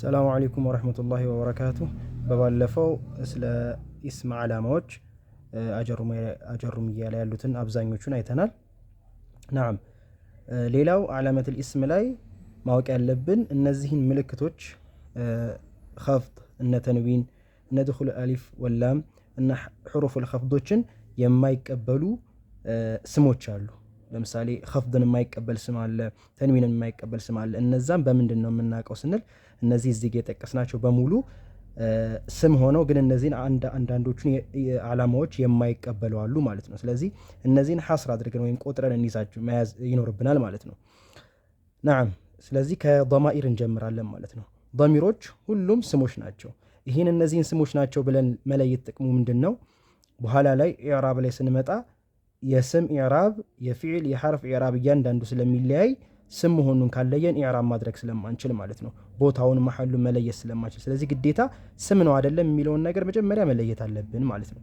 ሰላሙ አሌይኩም ወረህመቱላሂ ወበረካቱ። በባለፈው ስለ ኢስም ዓላማዎች አጀሩምያ ላይ ያሉትን አብዛኞቹን አይተናል። ናም ሌላው ዓላመትል ኢስም ላይ ማወቅ ያለብን እነዚህን ምልክቶች ከፍጥ እነ ተንዊን እነ ድኹል አሊፍ ወላም እና ሕሩፉል ከፍዶችን የማይቀበሉ ስሞች አሉ። ለምሳሌ ከፍድን የማይቀበል ስም አለ፣ ተንዊንን የማይቀበል ስም አለ። እነዛም በምንድን ነው የምናውቀው ስንል እነዚህ እዚህ የጠቀስናቸው በሙሉ ስም ሆነው ግን እነዚህን አንዳንዶቹን አላማዎች የማይቀበሉ አሉ ማለት ነው። ስለዚህ እነዚህን ሐስር አድርገን ወይም ቆጥረን እንይዛቸው መያዝ ይኖርብናል ማለት ነው። ናም ስለዚህ ከማኢር እንጀምራለን ማለት ነው። ደሚሮች ሁሉም ስሞች ናቸው። ይህን እነዚህን ስሞች ናቸው ብለን መለየት ጥቅሙ ምንድን ነው? በኋላ ላይ ኢዕራብ ላይ ስንመጣ የስም ኢዕራብ፣ የፊዕል፣ የሐርፍ ኢዕራብ እያንዳንዱ ስለሚለያይ ስም መሆኑን ካለየን ኢዕራብ ማድረግ ስለማንችል ማለት ነው። ቦታውን መሐሉን መለየት ስለማንችል፣ ስለዚህ ግዴታ ስም ነው አይደለም የሚለውን ነገር መጀመሪያ መለየት አለብን ማለት ነው።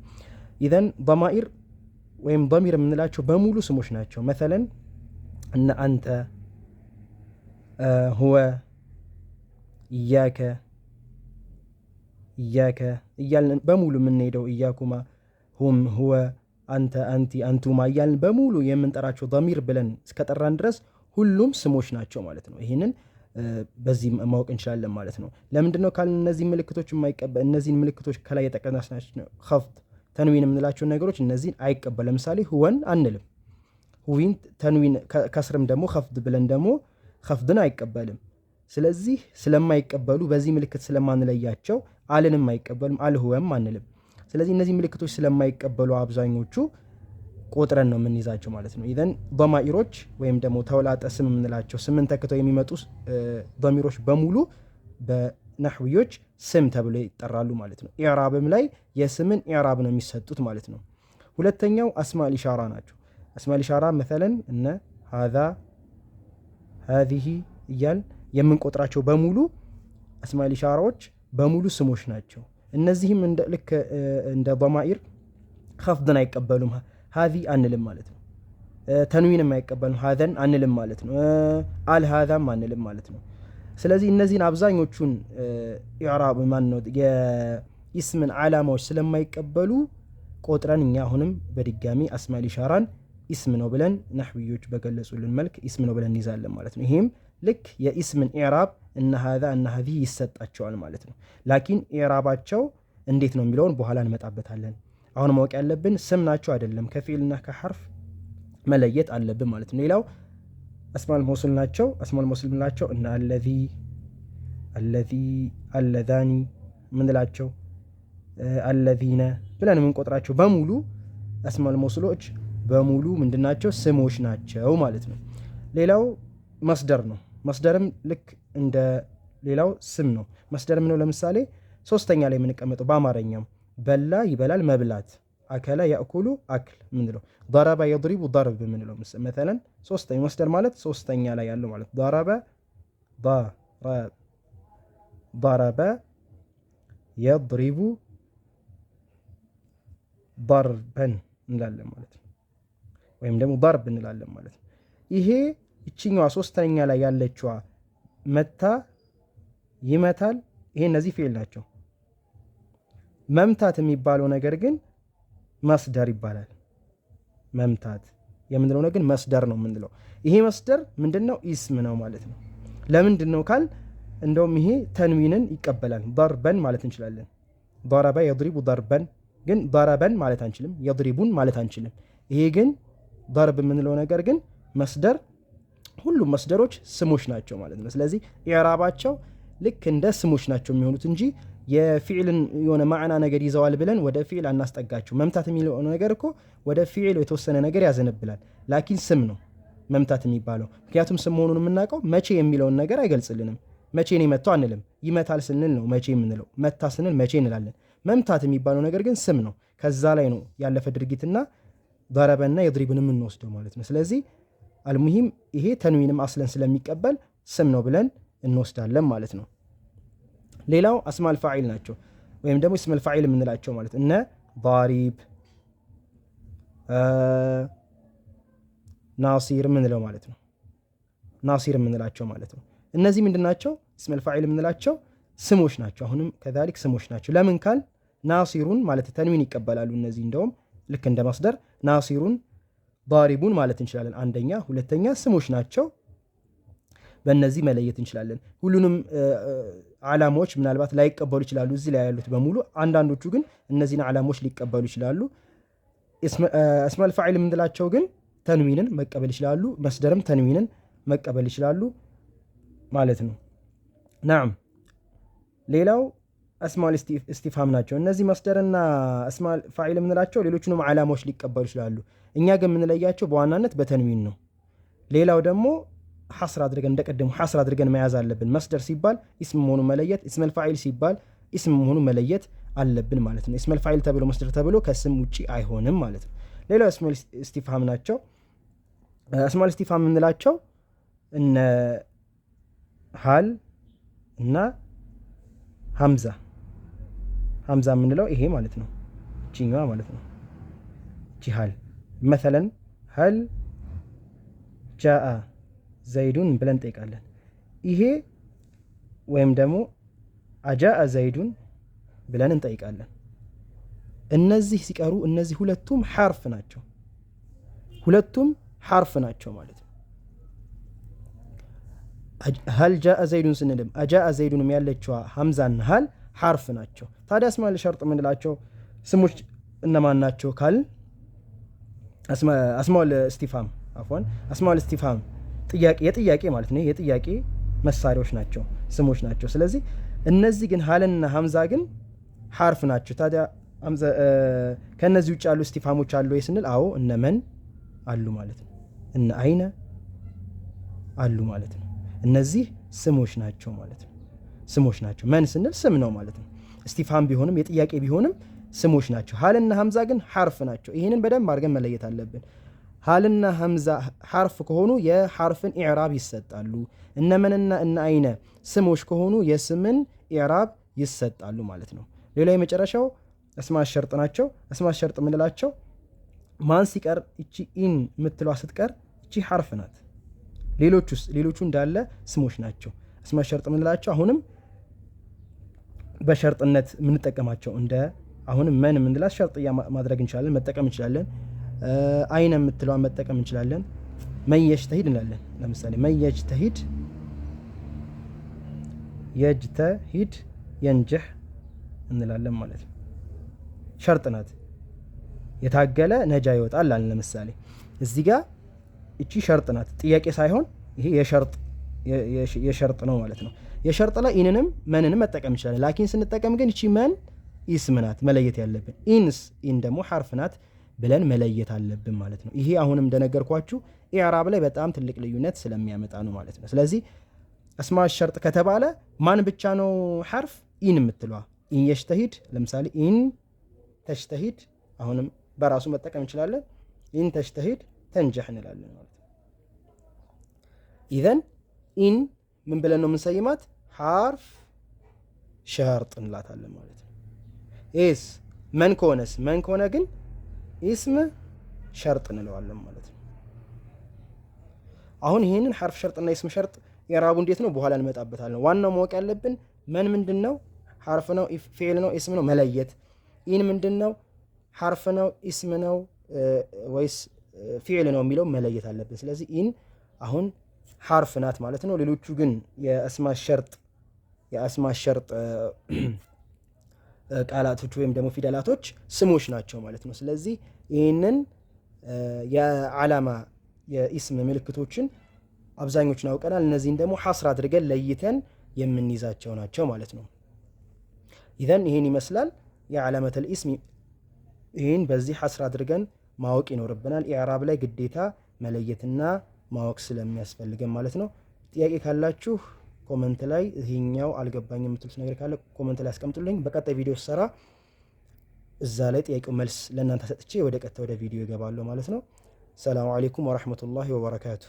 ኢዘን ضمائر ወይም ضمير የምንላቸው በሙሉ ስሞች ናቸው። መሰለን እነ አንተ፣ ሁወ፣ እያከ፣ እያከ እያልን በሙሉ የምንሄደው እያኩማ፣ ሁም፣ ሁወ፣ አንተ፣ አንቲ፣ አንቱማ እያልን በሙሉ የምንጠራቸው ضميር ብለን እስከጠራን ድረስ ሁሉም ስሞች ናቸው ማለት ነው። ይህንን በዚህ ማወቅ እንችላለን ማለት ነው። ለምንድን ነው ካልን እነዚህ ምልክቶች የማይቀበል እነዚህን ምልክቶች ከላይ የጠቀስናቸው ተንዊን የምንላቸው ነገሮች እነዚህን አይቀበል። ለምሳሌ ሁወን አንልም። ሁዊን ተንዊን ከስርም ደግሞ ከፍድ ብለን ደግሞ ከፍድን አይቀበልም። ስለዚህ ስለማይቀበሉ በዚህ ምልክት ስለማንለያቸው አልንም አይቀበልም፣ አልሁወም አንልም። ስለዚህ እነዚህ ምልክቶች ስለማይቀበሉ አብዛኞቹ ቆጥረን ነው የምንይዛቸው ማለት ነው። ኢዘን በማኢሮች ወይም ደግሞ ተውላጠ ስም የምንላቸው ስምን ተክተው የሚመጡ በሚሮች በሙሉ በናሕውዮች ስም ተብሎ ይጠራሉ ማለት ነው። ኢዕራብም ላይ የስምን ኢዕራብ ነው የሚሰጡት ማለት ነው። ሁለተኛው አስማል ኢሻራ ናቸው። አስማል ኢሻራ መተለን እነ ሃዛ፣ ሃዚሂ እያል የምንቆጥራቸው በሙሉ አስማል ኢሻራዎች በሙሉ ስሞች ናቸው። እነዚህም ልክ እንደ በማኢር ከፍድን አይቀበሉም ሀዚ አንልም ማለት ነው። ተንዊን የማይቀበል ነው ሀዘን አንልም ማለት ነው። አልሀዛም አንልም ማለት ነው። ስለዚህ እነዚህን አብዛኞቹን ኢዕራብ ማን ነው የኢስምን ዓላማዎች ስለማይቀበሉ ቆጥረን እኛ አሁንም በድጋሚ አስማል ኢሻራን ኢስም ነው ብለን ናሕብዮች በገለጹልን መልክ ኢስም ነው ብለን እንይዛለን ማለት ነው። ይህም ልክ የኢስምን ኢዕራብ እና ሀዛ እና ሀዚህ ይሰጣቸዋል ማለት ነው። ላኪን ኢዕራባቸው እንዴት ነው የሚለውን በኋላ እንመጣበታለን። አሁን ማወቅ ያለብን ስም ናቸው አይደለም፣ ከፊልና ከሐርፍ መለየት አለብን ማለት ነው። ሌላው አስማል ሞስል ናቸው። አስማል መውሱል ምንላቸው እና አለዚ፣ አለዚ፣ አለዛኒ ምንላቸው አለዚነ ብለን የምንቆጥራቸው በሙሉ አስማል ሞስሎች በሙሉ ምንድናቸው? ስሞች ናቸው ማለት ነው። ሌላው መስደር ነው። መስደርም ልክ እንደ ሌላው ስም ነው። መስደር ምነው ለምሳሌ ሶስተኛ ላይ የምንቀመጠው በአማርኛም በላ ይበላል መብላት አከላ ያእኩሉ አክል ምንለው ضረበ የضሪቡ ضርብ ምንለው መተለን ሶስተኛ ወስደን ማለት ሶስተኛ ላይ ያለው ማለት ضረበ ضረበ የضሪቡ ضርበን እንላለን ማለት ነው። ወይም ደግሞ ضርብ እንላለን ማለት ነው። ይሄ እችኛዋ ሶስተኛ ላይ ያለችዋ መታ ይመታል። ይሄ እነዚህ ፊዕል ናቸው። መምታት የሚባለው ነገር ግን መስደር ይባላል። መምታት የምንለው ነገር መስደር ነው የምንለው። ይሄ መስደር ምንድን ነው? ኢስም ነው ማለት ነው። ለምንድን ነው ካል እንደውም ይሄ ተንዊንን ይቀበላል። በርበን ማለት እንችላለን። ضረበ የድሪቡ በርበን፣ ግን በረበን ማለት አንችልም። የድሪቡን ማለት አንችልም። ይሄ ግን በርብ የምንለው ነገር ግን መስደር ሁሉም መስደሮች ስሞች ናቸው ማለት ነው። ስለዚህ ኢዕራባቸው ልክ እንደ ስሞች ናቸው የሚሆኑት እንጂ የፊዕልን የሆነ ማዕና ነገር ይዘዋል ብለን ወደ ፊዕል አናስጠጋችሁ። መምታት የሚለው ነገር እኮ ወደ ፊዕል የተወሰነ ነገር ያዘነብላል። ላኪን ስም ነው መምታት የሚባለው ምክንያቱም ስም መሆኑን የምናውቀው መቼ የሚለውን ነገር አይገልጽልንም። መቼ ነው የመታው አንልም። ይመታል ስንል ነው መቼ የምንለው። መታ ስንል መቼ እንላለን። መምታት የሚባለው ነገር ግን ስም ነው። ከዛ ላይ ነው ያለፈ ድርጊትና ደረበና የድሪብን የምንወስደው ማለት ነው። ስለዚህ አልሙሂም ይሄ ተንዊንም አስለን ስለሚቀበል ስም ነው ብለን እንወስዳለን ማለት ነው። ሌላው አስማል ፋዒል ናቸው፣ ወይም ደግሞ ስመል ፋዒል የምንላቸው ማለት እነ ባሪብ ናሲር የምንለው ማለት ነው። ናሲር የምንላቸው ማለት ነው። እነዚህ ምንድናቸው? ስመል ፋዒል የምንላቸው ስሞች ናቸው። አሁንም ከዛሊክ ስሞች ናቸው። ለምን ካል ናሲሩን ማለት ተንዊን ይቀበላሉ። እነዚህ እንደውም ልክ እንደ ማስደር ናሲሩን ባሪቡን ማለት እንችላለን። አንደኛ፣ ሁለተኛ ስሞች ናቸው። በእነዚህ መለየት እንችላለን። ሁሉንም ዓላማዎች ምናልባት ላይቀበሉ ይችላሉ እዚህ ላይ ያሉት በሙሉ። አንዳንዶቹ ግን እነዚህን ዓላማዎች ሊቀበሉ ይችላሉ። እስመል ፋዒል የምንላቸው ግን ተንዊንን መቀበል ይችላሉ። መስደርም ተንዊንን መቀበል ይችላሉ ማለት ነው። ናም ሌላው አስማል እስቲፋም ናቸው። እነዚህ መስደርና እስማል ፋዒል የምንላቸው ሌሎቹንም ዓላማዎች ሊቀበሉ ይችላሉ። እኛ ግን የምንለያቸው በዋናነት በተንዊን ነው። ሌላው ደግሞ ሐስር አድርገን እንደቀደሙ ሐስር አድርገን መያዝ አለብን። መስደር ሲባል ኢስም መሆኑ መለየት፣ ኢስመል ፋይል ሲባል ኢስም መሆኑ መለየት አለብን ማለት ነው። ኢስመል ፋይል ተብሎ መስደር ተብሎ ከስም ውጭ አይሆንም ማለት ነው። ሌላው እስማል እስቲፍሃም ናቸው። እስማል እስቲፍሃም የምንላቸው እነ ሀል እና ሀምዛ ሀምዛ የምንለው ይሄ ማለት ነው። ቺኛዋ ማለት ነው። ቺ መተለን ሀል ጃአ ዘይዱን ብለን እንጠይቃለን። ይሄ ወይም ደግሞ አጃአ ዘይዱን ብለን እንጠይቃለን። እነዚህ ሲቀሩ እነዚህ ሁለቱም ሐርፍ ናቸው። ሁለቱም ሐርፍ ናቸው ማለት ነው። ሀል ጃአ ዘይዱን ስንልም አጃአ ዘይዱንም ያለችዋ ሀምዛና ሀል ሐርፍ ናቸው። ታዲያ አስማል ሸርጥ የምንላቸው ስሞች እነማን ናቸው ካል አስማውል እስቲፋም አፎን አስማውል እስቲፋም ጥያቄ የጥያቄ ማለት ነው የጥያቄ መሳሪያዎች ናቸው፣ ስሞች ናቸው። ስለዚህ እነዚህ ግን ሀለና ሀምዛ ግን ሀርፍ ናቸው። ታዲያ ከእነዚህ ውጭ ያሉ እስቲፋሞች አሉ ወይ ስንል አዎ እነ መን አሉ ማለት ነው። እነ አይነ አሉ ማለት ነው። እነዚህ ስሞች ናቸው ማለት ነው። ስሞች ናቸው። መን ስንል ስም ነው ማለት ነው። እስቲፋም ቢሆንም የጥያቄ ቢሆንም ስሞች ናቸው። ሀልና ሀምዛ ግን ሀርፍ ናቸው። ይህንን በደንብ አድርገን መለየት አለብን። ሀልና ሀምዛ ሐርፍ ከሆኑ የሐርፍን ኢዕራብ ይሰጣሉ። እነ መንና እነ አይነ ስሞች ከሆኑ የስምን ኢዕራብ ይሰጣሉ ማለት ነው። ሌላ የመጨረሻው እስማት ሸርጥ ናቸው። እስማት ሸርጥ የምንላቸው ማን ሲቀር እቺ ኢን የምትለዋ ስትቀር እቺ ሐርፍ ናት። ሌሎቹስ ሌሎቹ እንዳለ ስሞች ናቸው። እስማት ሸርጥ የምንላቸው አሁንም በሸርጥነት የምንጠቀማቸው እንደ አሁንም መን የምንላት ሸርጥያ ማድረግ እንችላለን፣ መጠቀም እንችላለን። አይነ የምትለዋን መጠቀም እንችላለን። ተሂድ እንላለን። ለምሳሌ የጅ ተሂድ የንጅህ እንላለን ማለት ነው። ሸርጥ ናት። የታገለ ነጃ ይወጣል አለ። ለምሳሌ እዚህ ጋ እቺ ሸርጥ ናት፣ ጥያቄ ሳይሆን ይሄ የሸርጥ ነው ማለት ነው። የሸርጥ ላይ ኢንንም መንንም መጠቀም እንችላለን። ላኪን ስንጠቀም ግን እቺ መን ኢስም ናት መለየት ያለብን። ኢንስ ኢን ደግሞ ሐርፍ ናት። ብለን መለየት አለብን ማለት ነው። ይሄ አሁንም እንደነገርኳችሁ ኢዕራብ ላይ በጣም ትልቅ ልዩነት ስለሚያመጣ ነው ማለት ነው። ስለዚህ እስማ ሸርጥ ከተባለ ማን ብቻ ነው ሐርፍ ኢን የምትለዋ ኢን የሽተሂድ ለምሳሌ ኢን ተሽተሂድ፣ አሁንም በራሱ መጠቀም እንችላለን። ኢን ተሽተሂድ ተንጀሕ እንላለን ማለት ነው። ኢዘን ኢን ምን ብለን ነው የምንሰይማት? ሐርፍ ሸርጥ እንላታለን ማለት ነው። ኤስ መን ከሆነስ መን ከሆነ ግን ኢስም ሸርጥ እንለዋለን ማለት ነው። አሁን ይህንን ሐርፍ ሸርጥና ኢስም ሸርጥ የራቡ እንዴት ነው በኋላ እንመጣበታለን። ዋናው ማወቅ ያለብን መን ምንድን ነው? ሐርፍ ነው፣ ፊዕል ነው፣ ኢስም ነው መለየት። ኢን ምንድን ነው? ሐርፍ ነው፣ ኢስም ነው ወይስ ፊዕል ነው የሚለው መለየት አለብን። ስለዚህ ኢን አሁን ሐርፍ ናት ማለት ነው። ሌሎቹ ግን የአስማ ሸርጥ የአስማ ሸርጥ ቃላቶች ወይም ደግሞ ፊደላቶች ስሞች ናቸው ማለት ነው። ስለዚህ ይህንን የዓላማ የኢስም ምልክቶችን አብዛኞቹን አውቀናል። እነዚህን ደግሞ ሐስር አድርገን ለይተን የምንይዛቸው ናቸው ማለት ነው። ኢዘን ይህን ይመስላል የዓላመተል ኢስም። ይህን በዚህ ሐስር አድርገን ማወቅ ይኖርብናል። ኢዕራብ ላይ ግዴታ መለየትና ማወቅ ስለሚያስፈልገን ማለት ነው። ጥያቄ ካላችሁ ኮመንት ላይ ይሄኛው አልገባኝ የምትሉት ነገር ካለ ኮመንት ላይ አስቀምጡልኝ። በቀጣይ ቪዲዮ ስሰራ እዛ ላይ ጥያቄው መልስ ለእናንተ ሰጥቼ ወደ ቀጥታ ወደ ቪዲዮ ይገባለሁ ማለት ነው። ሰላሙ አሌይኩም ወረህመቱላሂ ወበረካቱ።